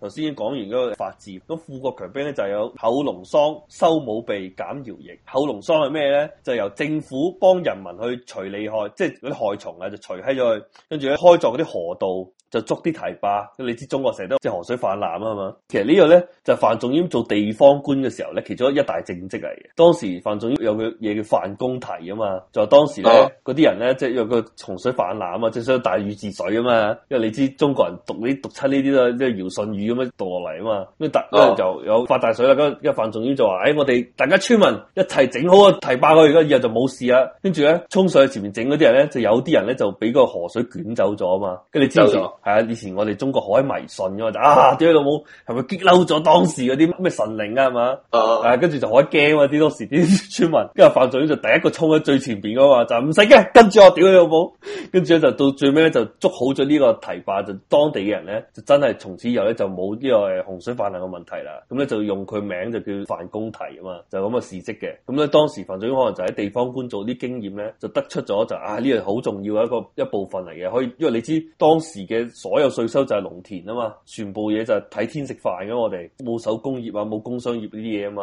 頭先已經講完嗰個法治，咁富國強兵咧就有厚農桑、修武備、減徭役。厚農桑係咩呢？就是、由政府幫人民去除厲害，即係嗰啲害蟲啊，就除喺咗去，跟住開闢嗰啲河道。就捉啲堤壩，咁你知中國成日都即係河水泛濫啊嘛。其實呢個咧就係范仲淹做地方官嘅時候咧，其中一大政績嚟嘅。當時范仲淹有個嘢叫范公堤啊嘛，就當時咧嗰啲人咧即係有個洪水泛濫啊嘛，即係想大禹治水啊嘛。因為你知中國人讀呢讀出呢啲啦，即係堯舜禹咁樣度落嚟啊嘛。咁啊，就有發大水啦。咁阿范仲淹就話，哎，我哋大家村民一齊整好個堤壩佢，而家日日就冇事啦。跟住咧，衝水喺前面整嗰啲人咧，就有啲人咧就俾個河水捲走咗啊嘛。跟住之後你知道。係啊，以前我哋中國好鬼迷信噶嘛，就啊屌你老母，係咪激嬲咗當時嗰啲咩神靈啊嘛？啊，係啊，跟住就好鬼驚啊啲當時啲村民，跟住范仲淹就第一個衝喺最前邊噶嘛，就唔使驚，跟住我屌你老母，跟住咧就到最尾咧就捉好咗呢個堤壩，就當地嘅人咧就真係從此以後咧就冇呢個洪水泛濫嘅問題啦。咁咧就用佢名就叫范公堤啊嘛，就咁嘅事蹟嘅。咁咧當時范仲淹可能就喺地方官做啲經驗咧，就得出咗就啊呢樣好重要一個一部分嚟嘅，可以因為你知當時嘅。所有稅收就係農田啊嘛，全部嘢就係睇天食飯嘅我哋，冇手工業啊，冇工商業呢啲嘢啊嘛，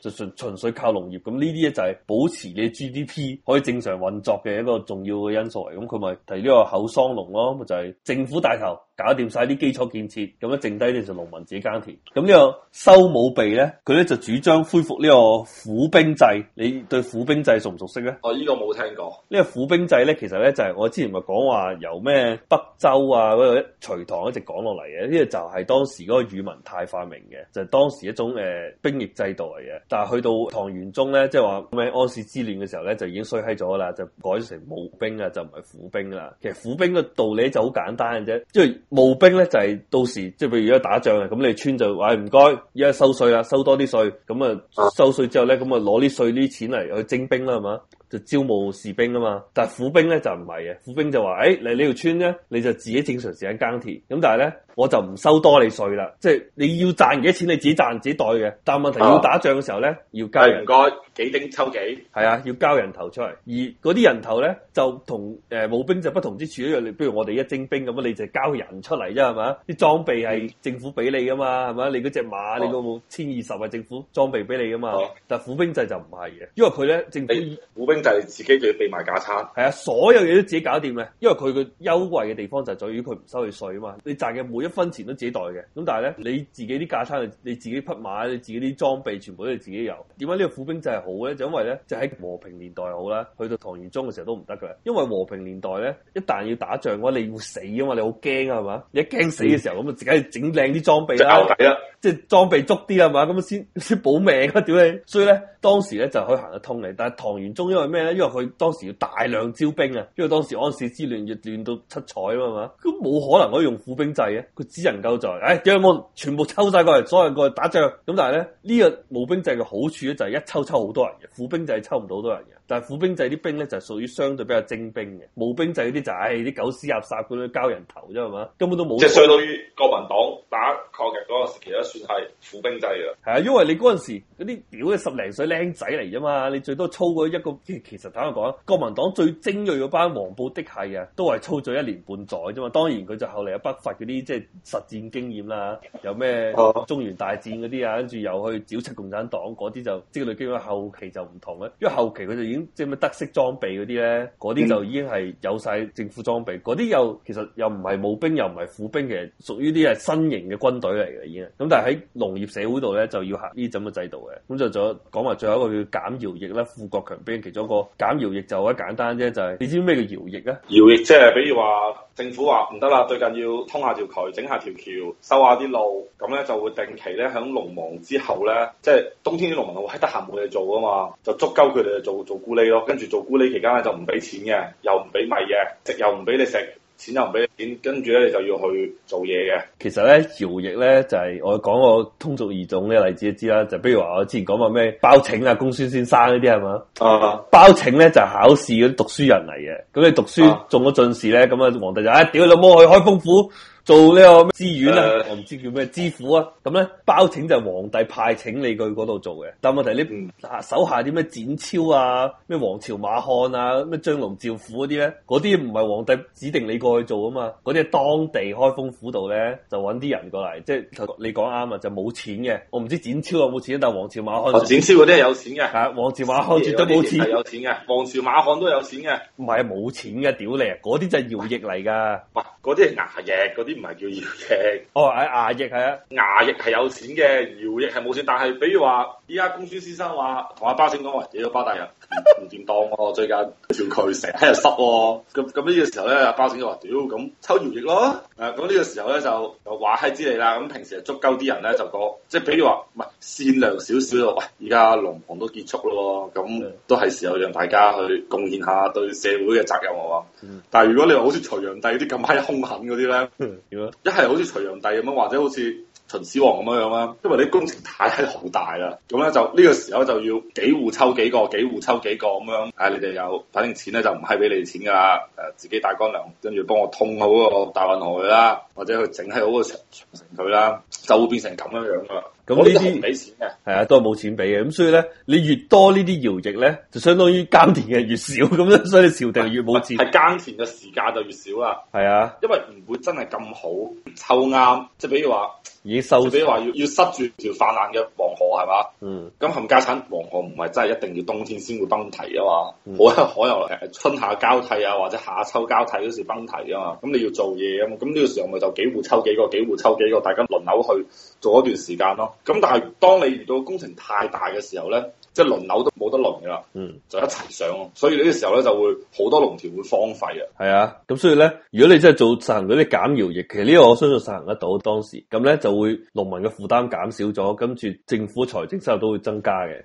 就純純粹靠農業，咁呢啲嘢就係保持你嘅 GDP 可以正常運作嘅一個重要嘅因素嚟，咁佢咪提呢個厚桑農咯，咪就係、是、政府帶頭。搞掂晒啲基礎建設，咁咧剩低咧就農民自己耕田。咁呢個修武備咧，佢咧就主張恢復呢個府兵制。你對府兵制熟唔熟悉咧？哦，呢、這個冇聽過。呢個府兵制咧，其實咧就係、是、我之前咪講話由咩北周啊嗰度隋唐一直講落嚟嘅，呢、這個就係當時嗰個宇文泰發明嘅，就係、是、當時一種誒、呃、兵役制度嚟嘅。但係去到唐玄宗咧，即係話咩安史之亂嘅時候咧，就已經衰閪咗啦，就改成武兵啊，就唔係府兵啦。其實府兵嘅道理就好簡單嘅啫，即係。募兵咧就係到時，即係譬如而家打仗啊，咁你村就話，哎，唔該，而家收稅啦，收多啲稅，咁啊收稅之後咧，咁啊攞啲稅啲錢嚟去徵兵啦，係嘛？就招募士兵啊嘛，但係府兵咧就唔係嘅，府兵就話誒，嚟呢條村咧，你就自己正常時間耕田，咁但係咧我就唔收多你稅啦，即係你要賺幾多錢你自己賺自己袋嘅，但係問題要打仗嘅時候咧、啊、要交人，嗯、謝謝幾丁抽幾，係啊，要交人頭出嚟，而嗰啲人頭咧就同誒募兵就不同之處一樣，你不如我哋一徵兵咁啊，你就交人出嚟啫，係嘛？啲裝備係政府俾你噶嘛，係咪？你嗰隻馬你個冇千二十啊，啊政府裝備俾你噶嘛，啊啊、但係府兵制就唔係嘅，因為佢咧政府、啊、你府兵。就係自己就要備埋架撐，係啊，所有嘢都自己搞掂嘅，因為佢個優惠嘅地方就係在於佢唔收你稅啊嘛，你賺嘅每一分錢都自己袋嘅。咁但係咧，你自己啲架撐，你自己匹馬，你自己啲裝備，全部都係你自己有。點解呢個府兵就係好咧？就因為咧，就喺、是、和平年代好啦，去到唐玄宗嘅時候都唔得噶。因為和平年代咧，一旦要打仗嘅話，你會死啊嘛，你好驚啊係嘛，你一驚死嘅時候，咁啊 自己整靚啲裝備啦。即係裝備足啲係嘛，咁樣先先保命㗎、啊、屌你。所以咧，當時咧就可以行得通嘅。但係唐玄宗因為咩咧？因為佢當時要大量招兵啊，因為當時安史之亂要亂，亂到七彩啊嘛，咁冇可能可以用府兵制嘅，佢只能夠就誒召募全部抽晒過嚟，所有人過嚟打仗。咁但係咧，呢、呢個募兵制嘅好處咧就係一抽抽好多人嘅，府兵制係抽唔到好多人嘅。但係府兵制啲兵咧就係屬於相對比較精兵嘅，募兵制啲就係啲狗屎垃圾咁樣交人頭啫係嘛，根本都冇。即係相當於國民黨打抗日嗰個時期算係苦兵仔啊！係啊，因為你嗰陣時嗰啲屌嘅十零歲僆仔嚟啫嘛，你最多操過一個，其實坦白講，國民黨最精銳嘅班黃埔的係啊，都係操咗一年半載啫嘛。當然佢就後嚟有北伐嗰啲，即係實戰經驗啦，有咩中原大戰嗰啲啊，跟住又去剿出共產黨嗰啲就即係，基本後期就唔同啦。因為後期佢就已經即係咩德式裝備嗰啲咧，嗰啲就已經係有晒政府裝備，嗰啲又其實又唔係冇兵，又唔係苦兵，其實屬於啲係新型嘅軍隊嚟嘅已經。咁但喺農業社會度咧，就要行呢啲咁嘅制度嘅。咁就仲有講埋最後一個叫減徭役啦，富國強兵其中一個減徭役就好簡單啫，就係你知咩叫徭役啊？徭役即係比如話政府話唔得啦，最近要通下條渠，整下條橋，修下啲路，咁咧，就會定期咧響農忙之後咧，即係冬天啲農民喺得閒冇嘢做啊嘛，就捉鳩佢哋做做咕喱咯，跟住做咕喱期間咧，就唔俾錢嘅，又唔俾米嘅，食又唔俾你食。錢又唔俾你，跟住咧你就要去做嘢嘅。其實咧，搖役咧就係、是、我講個通俗易懂嘅例子，就知啦。就比如話我之前講話咩包拯啊、公孫先生、嗯、呢啲係嘛。啊！包拯咧就係、是、考試嗰啲讀書人嚟嘅，咁你讀書中咗進士咧，咁啊、嗯、皇帝就啊、哎，屌你老母去開封府。做呢個咩知縣啊，呃、我唔知叫咩知府啊，咁咧包拯就係皇帝派請你去嗰度做嘅。但問題你、嗯啊、手下啲咩展昭啊，咩王朝馬漢啊，咩張龍趙虎嗰啲咧，嗰啲唔係皇帝指定你過去做啊嘛，嗰啲係當地開封府度咧就揾啲人過嚟，即係你講啱啊，就冇、是、錢嘅。我唔知展昭有冇錢，但係王朝馬漢展昭嗰啲係有錢嘅，係王朝馬漢絕對冇錢，有錢嘅王朝馬漢都、呃、有錢嘅，唔係冇錢嘅屌你啊，嗰啲就係搖役嚟噶，哇嗰啲係衙役嗰啲。唔係叫搖翼哦，係牙翼係啊，牙翼係有錢嘅，搖翼係冇錢。但係，比如話依家公孫先生話同阿包拯講話，這咗包大人唔掂 當喎、啊，最近叫佢成日喺度塞喎。咁咁呢個時候咧，阿包拯就話：屌、呃，咁抽搖翼咯。誒、啊，咁呢個時候咧就又話閪之類啦。咁平時捉就足夠啲人咧就講，即係比如話唔係善良少少喂，而家農忙都結束咯，咁都係時候讓大家去貢獻下對社會嘅責任喎。嗯、但係如果你話好似隋煬帝啲咁閪凶狠嗰啲咧， 一係好似隋煬帝咁樣，或者好似秦始皇咁樣樣啦，因為你工程太係好大啦，咁咧就呢、這個時候就要幾戶抽幾個，幾戶抽幾個咁樣，唉、啊，你哋又反正錢咧就唔係俾你哋錢噶，誒、啊，自己帶乾糧，跟住幫我通好個大運河去啦，或者去整好個長城佢啦， 就會變成咁樣樣噶啦。咁呢啲唔俾錢嘅，係啊，都係冇錢俾嘅。咁所以咧，你越多液呢啲徭役咧，就相當於耕田嘅越少。咁樣所以你朝廷越冇錢。係耕田嘅時間就越少啦。係啊，因為唔會真係咁好抽啱，即係比如話，以收，即係比如話要要塞住條泛濫嘅黃河係嘛？嗯。咁冚、嗯、家產黃河唔係真係一定要冬天先會崩堤啊嘛？好可能，誒春夏交替啊，或者夏秋交替嗰時崩堤啊嘛？咁你要做嘢啊嘛？咁呢個時候咪就幾戶抽幾個，幾戶抽幾個，大家輪流去做一段時間咯。咁但係，當你遇到工程太大嘅時候咧，即係輪流都冇得輪嘅啦，嗯、就一齊上咯。所以呢個時候咧，就會好多農田會荒廢啊。係啊，咁所以咧，如果你真係做實行嗰啲減徭役，其實呢個我相信實行得到當時。咁咧就會農民嘅負擔減少咗，跟住政府財政收入都會增加嘅。